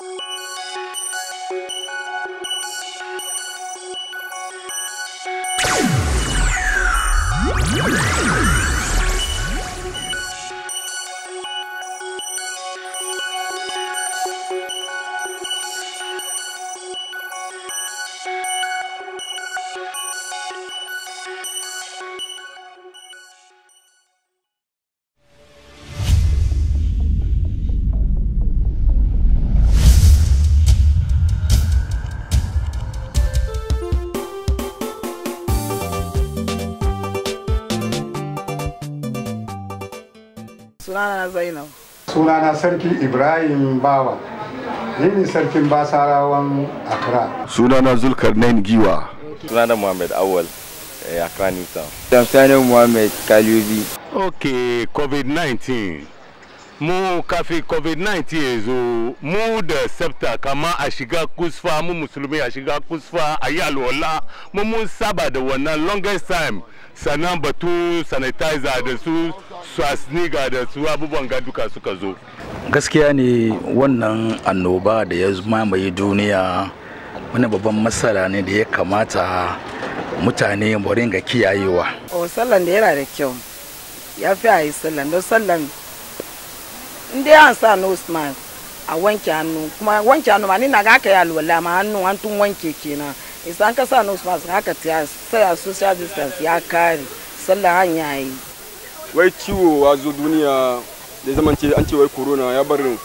you sunana Zainab. Sunana Sarki Ibrahim Bawa. Ni ne sarkin Basarawan Accra. Sunana Zulkarnain Giwa. Sunana Muhammad Awal. Eh, Accra New Town. Sunana Muhammad Kalubi. Okay, COVID-19. mu kafi covid-19 zo mu da sabta kama a shiga kusfa mu musulmi a shiga kusfa a yi alwala mu mun saba da wannan longest time sannan batu sanitizer da su swasniga da su abubuwan gaduka suka zo gaskiya ne wannan annoba da ya mamaye duniya wani babban matsala ne da ya kamata mutane mu ringa kiyayewa o oh, sallan da yana da kyau ya fi a yi sallan don sallan in ansa an sa nose mask a wanke hannu kuma wanke hannu ma ni na ga aka yi alwala ma hannu an tun wanke na isan ka sa osman mask haka sai a social distance ya kare sallah an yi wai ciwo a zo duniya da zaman ce an ce wai corona ya bar an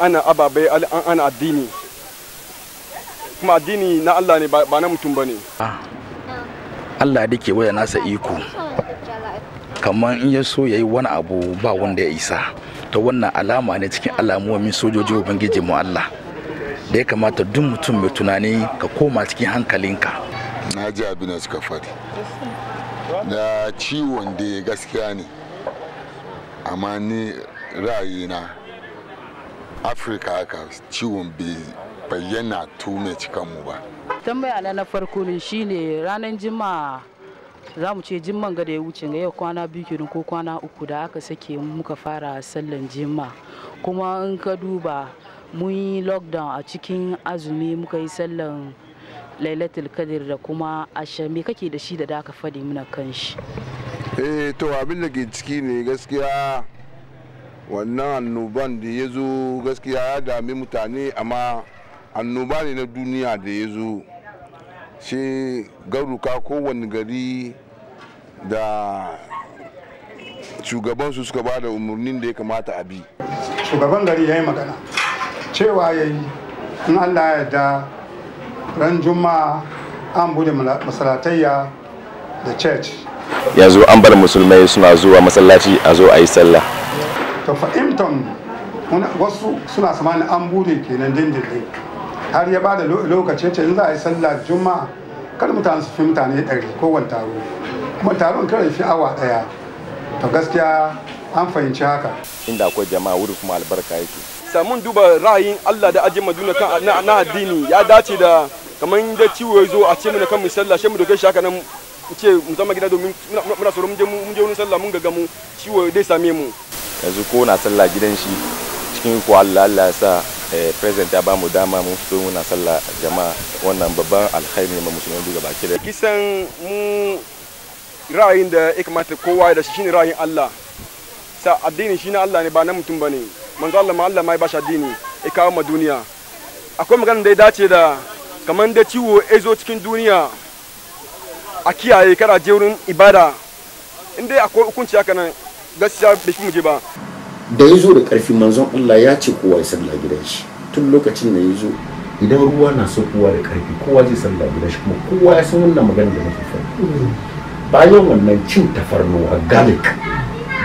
ana ababai an ana addini kuma addini na Allah ne ba na mutum bane Allah da ke waya nasa iko kamar in ya so ya yi wani abu ba wanda ya isa to wannan alama ne cikin alamomin sojoji ubangiji mu Allah da ya kamata duk mutum mai tunani ka koma cikin hankalinka na ji abin da suka faɗi na ciwon da gaskiya ne amma ni na afirka haka ciwon bai bayyana tume cikanmu ba tambaya na farko ne shine ranar jima'a za mu ce jimman ga da ya wuce ga yau kwana biyu kenan ko kwana uku da aka sake muka fara sallan jimma kuma in ka duba mun yi lockdown a cikin azumi muka yi sallan lailatul kadir da kuma ashe me kake da shi da da aka faɗi muna kan shi eh to abin da ke ciki ne gaskiya wannan annoban da ya zo gaskiya ya dami mutane amma annoba ne na duniya da ya zo shi garuka kowane gari da shugabansu suka ba da umarnin da ya kamata a bi shugaban gari ya yi magana cewa ya yi in allah ya da ran juma'a an bude masalatayya da church ya zo an bar musulmai suna zuwa masallaci a zo a yi sallah to fahimtar wasu suna samani an bude kenan dindindin har ya bada lokaci ce in za a yi sallar juma'a kar mutane su fi mutane ɗari kowane taro kuma taron kar fi awa ɗaya to gaskiya an fahimci haka inda akwai jama'a wuri kuma albarka yake samun duba ra'ayin Allah da ajin maduna kan na addini ya dace da kamar da ciwo ya zo a ce mana kan mu sallah shi mu doke shi haka nan ce mu zama gida domin muna tsoron mun je mun je wurin sallah mun ga mu ciwo dai same mu yanzu ko na sallah gidan shi cikin ko Allah Allah ya sa Eh, president ya bamu dama mun fito muna sallah jama'a wannan babban alkhairi ne ma musulmai duka baki da kisan mu ra'ayin da ya kamata kowa da shi ne ra'ayin Allah sa addini shi na Allah ne ba na mutum bane manzo Allah ma Allah mai bashi addini ya kawo ma duniya akwai magana da ya dace da kamar da ciwo ya zo cikin duniya a kiyaye kada je wurin ibada in dai akwai hukunci haka nan gaskiya bai fi je ba da ya zo da ƙarfi manzon Allah ya ce kowa ya sallah gidan shi tun lokacin da ya zo idan ruwa na so kowa da ƙarfi kowa zai sallah gidan shi kuma kowa ya san wannan magana da nake faɗi bayan wannan cin tafarnuwa garlic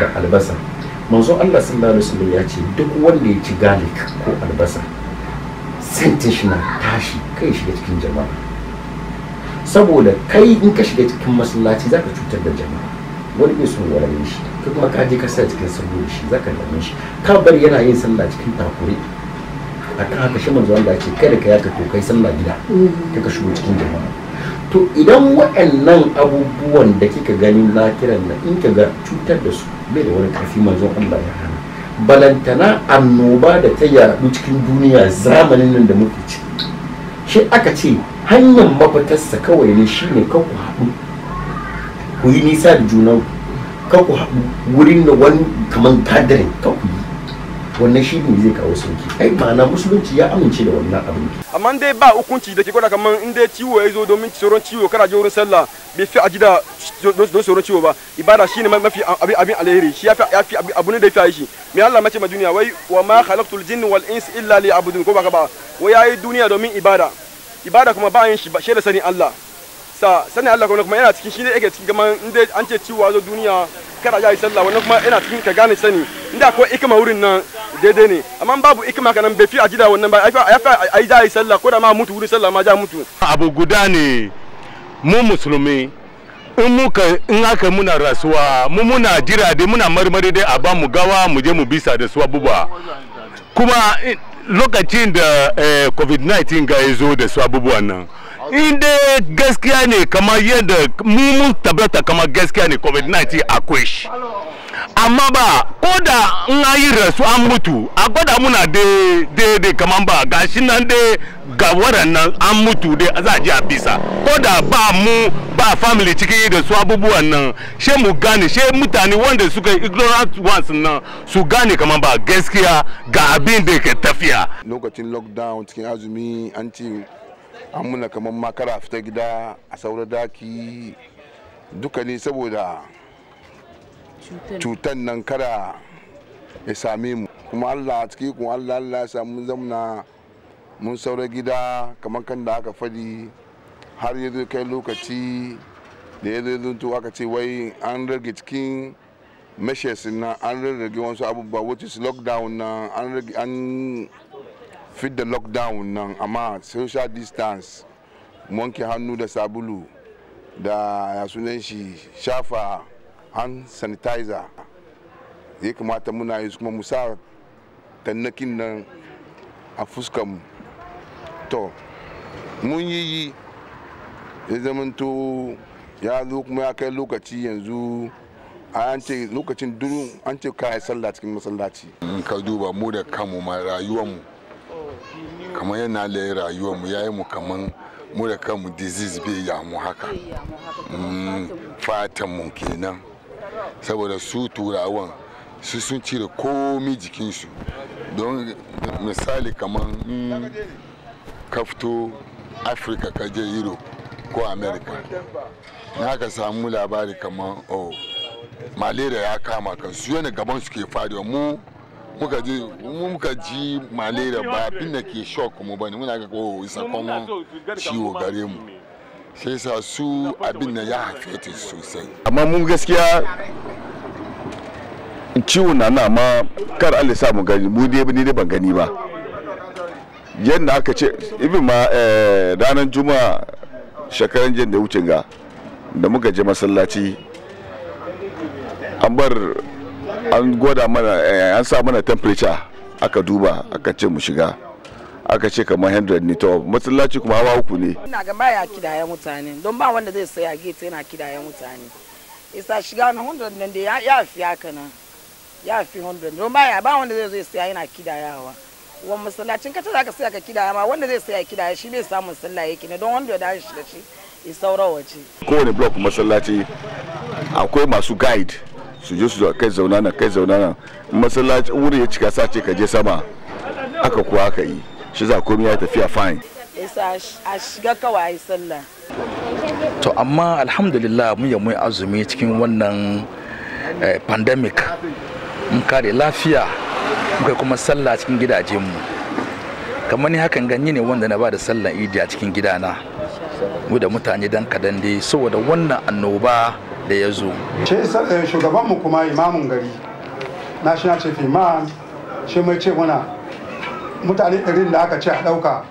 da albasa manzon Allah sallallahu alaihi wasallam ya ce duk wanda ya ci garlic ko albasa sentin shi na tashi kai shiga cikin jama'a saboda kai in ka shiga cikin masallaci zaka cutar da jama'a wani bai son ya rabe shi ka kuma ka je ka sa cikin saboda shi za ka dame shi ka bari yana yin sallah cikin takure a kan haka shi manzo Allah ce kai ka yaka to kai sallah gida ka shigo cikin jama'a to idan waɗannan abubuwan da kika gani na kiran na in ka ga cutar da su bai da wani karfi manzon Allah ya hana balantana annoba da ta yaɗu cikin duniya zamanin nan da muke ciki shi aka ce hanyar mafitarsa kawai ne shine ka ku haɗu ku yi nisa da junan ka ku wurin da wani kaman kadarin ka ku yi wannan shi ne zai kawo sauki ai ma'ana musulunci ya amince da wannan abin amma dai ba hukunci da ke kwada kamar in dai ciwo ya zo domin tsoron ciwo kana je wurin sallah bai fi aji da don tsoron ciwo ba ibada ne mafi abin alheri shi ya fi abu ne da ya fi shi mai Allah mace ma duniya wai wa ma khalaqtul jinni wal insi illa liya'budun ko ba ka ba wai yayi duniya domin ibada ibada kuma ba yin shi ba shi da sani Allah sa sanin Allah kuma yana cikin shi ne yake cikin gaman inda an ce ciwo zo duniya kada a yi sallah wannan kuma yana cikin ka gane sani inda akwai ikima wurin nan daidai ne amma babu ikima kanan bai fi ajida wannan ba ya fa ai da yi sallah ko da ma mutu wurin sallah ma ja mutu abu guda ne mu musulmi in muka in aka muna rasuwa mu muna jira dai muna marmari dai a ba mu gawa mu je mu bisa da su abubuwa kuma eh, lokacin da eh, covid-19 ga ya zo da su abubuwan nan in gaskiya ne kamar yadda mun tabbata kamar gaskiya ne covid-19 akwai shi amma ba ko da in yi rasu an mutu a gwada muna daidai kamar ba ga shi nan dai ga waɗannan an mutu dai za a ji a bisa ko da ba mu ba family cikin da su abubuwan nan she mu gane she mutane wanda suka ignorant ones nan su gane kamar ba gaskiya ga abin da ke tafiya lokacin lockdown cikin azumi an ce an muna kamar makara fita gida a saura daki duka ne saboda cutan nan kara ya same mu kuma allah ciki kuma allah allah ya samu zamna mun saura gida kamar kan da aka fadi har ya kai lokaci da ya zuntu aka ce wai an rage cikin meshes na an rage wasu abubuwa wacce su lockdown na an da lockdown nan amma social distance wanke hannu da sabulu da ya sunan shi shafa hand sanitizer ya kamata muna yi kuma musa tannakin nan a fuskan to mun yi ya zamanto ya zo kuma ya kai lokaci yanzu an ce lokacin duru an ce kayan sallah cikin masallaci in ka duba mu da kanmu ma rayuwarmu kamar yana laye rayuwar mu yayi mu kamar mu da kanmu disease bai mu haka mm, fatan mu kenan saboda su turawan su sun cire komi jikinsu don misali kaman ka fito afirka ka je europe ko america na ka samu labari kamar oh malaria ya kama kan su yana gaban su ke faruwa mu muka ji muka ji malaria ba abin da ke shock mu bane muna ga oh, ko sakamakon ciwo gare mu sai sa su abin da ya hafete sosai amma mun gaskiya ciwo na na ma kar Allah sa mu gani mu dai ne ban gani ba yadda aka ce ibin ma eh, ranar juma'a shekaran jin da wucin ga da muka je masallaci an bar an gwada mana eh, an sa mana temperature aka duba aka ce mu shiga aka ce kamar 100 ne to masallaci kuma hawa uku ne ina ga baya kidaya mutane don ba wanda zai saya gate yana kidaya mutane isa shiga na 100 nan da ya fi haka nan ya fi 100 don baya ba wanda zai saya yana kidayawa wa masallacin kata za ka saya ka kidaya ma wanda zai saya kidaya shi bai samu sallah yake ne don wanda da shi da shi isaurawa ce kowane block masallaci akwai masu guide su je su kai zauna nan kai zauna nan masallaci wurin ya cika sace ka je sama aka kuwa aka yi shi za komai ya tafiya fine a shiga kawai sallah to amma alhamdulillah mun yi azumi cikin wannan eh, pandemic mun kare lafiya muka kuma sallah cikin gidajenmu kamar ni hakan ganye ne wanda na ba da sallan idi a cikin gidana mu da mutane dan kadan dai saboda wannan annoba da ya zo eh, shugabanmu kuma imamun gari national chief imam shi mai ce mana mutane ɗarin da aka ce a ɗauka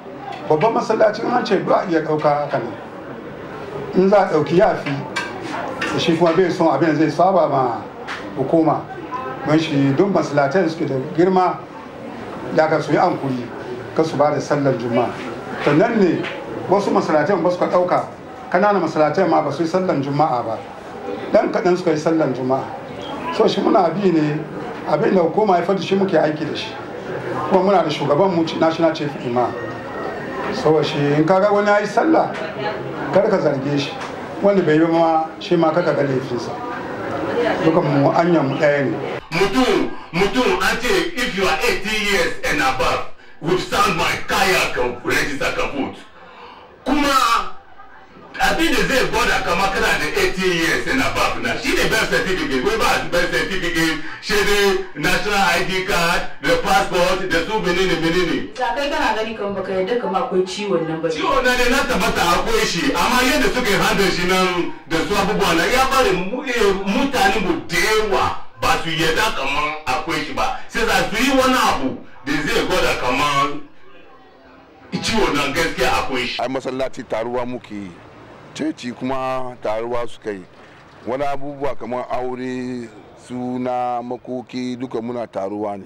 babban masallaci an ce ba iya ɗauka haka ne in za a ɗauki yafi shi kuma bai son abin zai saba ma hukuma don shi don masallatan suke da girma da ka su yi ankuri ka su ba da sallar juma'a to nan ne wasu masallatan ba su ka ɗauka kananan masallatan ma ba su yi sallar juma'a ba Dan kaɗan suka yi sallan juma'a so shi muna bi ne abin da hukuma ya fadi shi muke aiki da shi kuma muna da shugaban mu national chief imam so shi in kaga wani ya yi sallah kar ka zarge shi wanda bai yi ma shi ma kaka ga laifinsa dukan mu anyan mu ɗaya ne mutum mutum an ce if you are 18 years and above sound my kayak register ka vote kuma abin da zai gwada kama kana da 18 years and above na shi ne birth certificate wai ba birth certificate shi ne national id card da passport da su menene menene ta kai kana gani kan baka yadda kama akwai ciwon nan ba ciwon nan ne na tabbata akwai shi amma yadda suka yi handle shi nan da su abubuwa na ya bari eh, mutane mu da yawa ba su yadda kaman akwai shi ba sai za su yi wani abu da zai gwada kaman ciwon nan gaskiya akwai shi ai masallaci taruwa muke yi ceci kuma taruwa suka yi wani abubuwa kamar aure suna makoki duka muna taruwa ne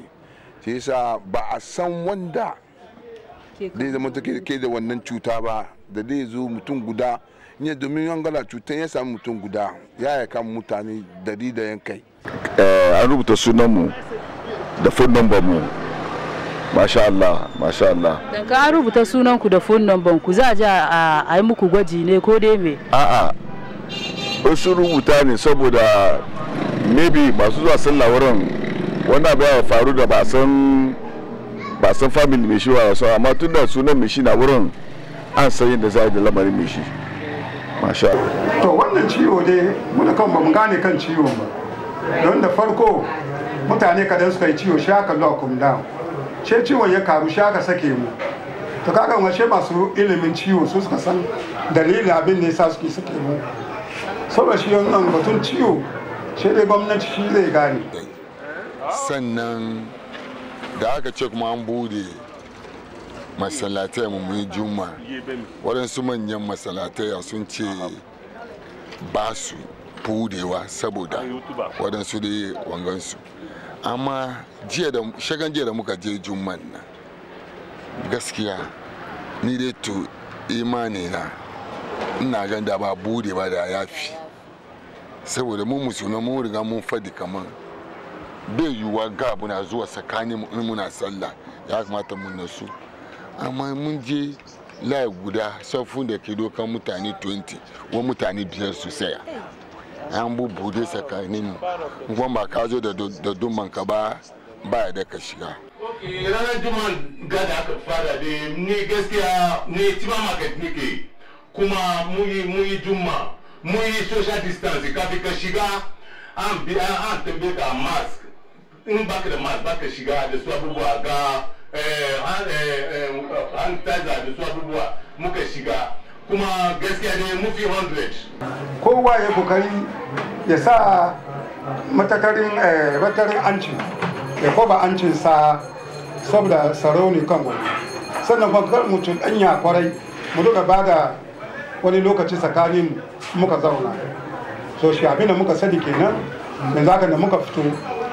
shi yasa ba a san wanda ya zama ke da wannan cuta ba da zai zo mutum guda ne domin an gana cutar ya sami mutum guda ya ya kan mutane dari da yankai eh, an rubuta sunanmu da phone number mu masha Allah masha Allah dan ka rubuta sunan ku da phone number ku za a ji a yi muku gwaji ne ko dai me a'a sun rubuta ne saboda maybe masu zuwa sallah wurin wanda ya faru da ba san ba san family mai shi wa amma tun da sunan mai shi na wurin an san yadda za a yi da lamarin mai shi masha Allah to wannan ciwo dai muna kan ba mu gane kan ciwon ba don da farko mutane kadan suka yi ciwo shi aka lock them down ce ciwon ya karu sha ka sake mu to kaga washe masu ilimin ciwo su suka san dalilin abin da yasa suke sake mu saboda shi wannan batun ciwo shi dai gwamnati shi zai gane sannan da aka ce kuma an bude masalatai mu juma waɗansu manyan masallatai sun ce ba su budewa saboda waɗansu dai wangansu amma jiya shagan jiya da muka je juman nan gaskiya ni dai to imani na ina gan da ba bude ba da yafi saboda mun musulman mun riga mun fadi kaman bai yiwuwa ga abu zuwa tsakanin mu in muna sallah ya kamata mun nasu amma mun je layi guda safun da ke dokan mutane 20 wa mutane biyar su saya an bubude tsakanin mu kuma ba ka zo da dumman ka ba ba da ka shiga ranar ga da aka fara da ni gaskiya ni tima market nike kuma muyi muyi juma muyi social distance kafi ka shiga an bi an tambaye ka mask in baka da mask baka shiga da su abubuwa ga eh, eh, eh, an taza da su abubuwa muka shiga kuma gaskiya ne mufi 100 kowa ya kokari ya sa matakarin eh, matarin anci ya koba sa saboda sarauni kan gobe sannan kuma kar mutum danya kwarai mu duka ba da wani lokaci tsakanin muka zauna so shi da muka sani kenan da zaka da muka fito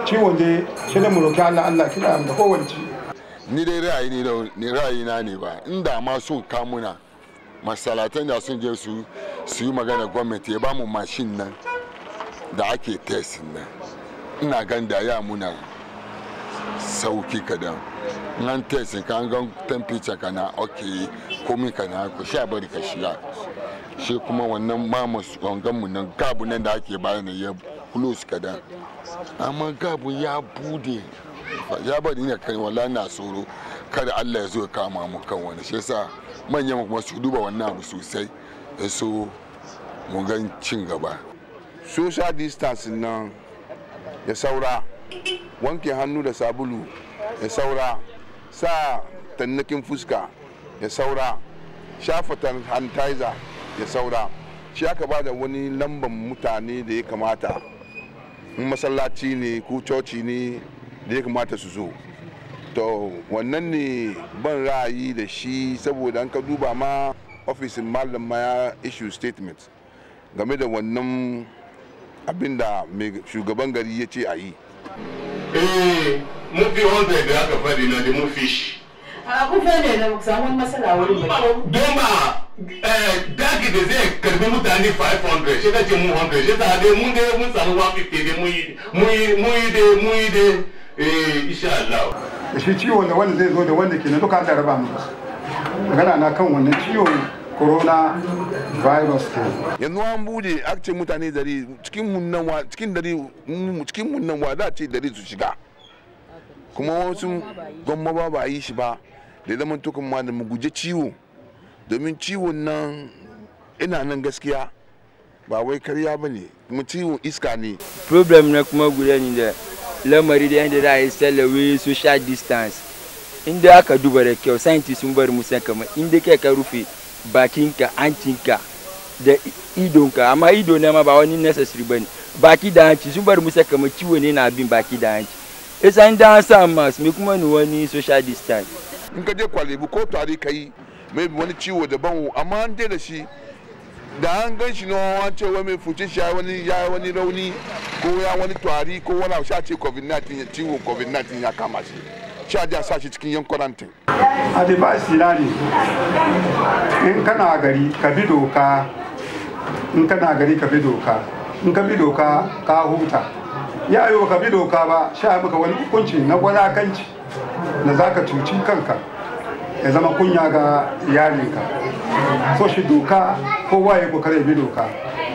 ciwon je shi ne mu roki Allah Allah kira da kowanci ni dai ra'ayi ne ra'ayi na ne ba inda ma so kamuna masalatan da sun je su su yi magana gwamnati ya ba mu mashin nan da ake tesin nan ina gan da ya muna sauki kadan nan tesin ka an gan temperature kana ok komi kana ku sha bari ka shiga shi kuma wannan mamus gangan mu nan gabu nan da ake bayan ya close kadan amma gabu ya bude ya bari ne kai wala na tsoro kada Allah ya zo ya kama mu kan wani shi yasa manyan kuma su duba wannan abu sosai so mu gan cin gaba social distancing nan ya saura wanke hannu da sabulu ya saura sa tannakin fuska ya saura shafa sanitizer ya saura shi aka ba da wani lamban mutane da ya kamata masallaci ne ko coci ne da ya kamata su zo to wannan ne ban ra'ayi da shi saboda an ka duba ma ofisin malam ma ya issue statement game da wannan abin da shugaban gari ya ce a yi eh mufi 100 da aka fadi na da mufi shi a kun ne da samun matsala wurin ba don ba eh, daki da zai karbi mutane 500 shi ce mu 100 shi ta dai mun dai mun samu 150 dai mun yi dai mun yi dai eh, insha Allah da shi ciwo da wanda zai zo da wanda ke na duka da raba mu magana na kan wannan ciwo corona virus ke yanzu an bude akce mutane dari cikin hunnan wa cikin dari cikin hunnan wa za ce dari su shiga kuma wasu gwamma ba ba yi shi ba da zama tukun ma da mu guje ciwo domin ciwon nan ina nan gaskiya ba wai karya ba ne kuma ciwon iska ne problem na kuma guda ni da lamari da yadda za a yi sallawe social distance inda aka duba da kyau scientist sun bari musan kamar inda kai ka rufe bakinka hancinka da idonka amma ido na ma ba wani necessary ba ne baki da hanci sun bari musa kamar ciwo ne na bin baki da hanci isa inda an sa mask me kuma ni wani social distance in ka je kwalibu ko tare ka yi mai wani ciwo daban amma an da shi da an gan shi na wani cewa mai fuce shi ya wani rauni ko ya wani tari ko wani sha ce covid-19 ya ciwo covid-19 ya kama shi sha ja sa shi cikin yan ti ba shi ne in kana gari ka bi doka in kana gari ka bi doka in ka bi doka ka huta ya yi ka bi doka ba sha maka wani hukunci na gwanakanci na za ka cuci kanka ya zama kunya ga yarinka so shi doka kowa ya kokare bi doka